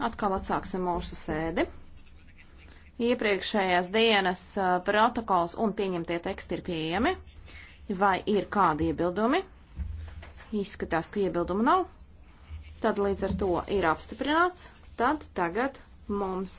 Atkal atsāksim mūsu sēdi. Iepriekšējās dienas uh, protokols un pieņemtie teksti ir pieejami. Vai ir kādi iebildumi? Izskatās, ka iebildumu nav. Tad līdz ar to ir apstiprināts. Tad tagad mums.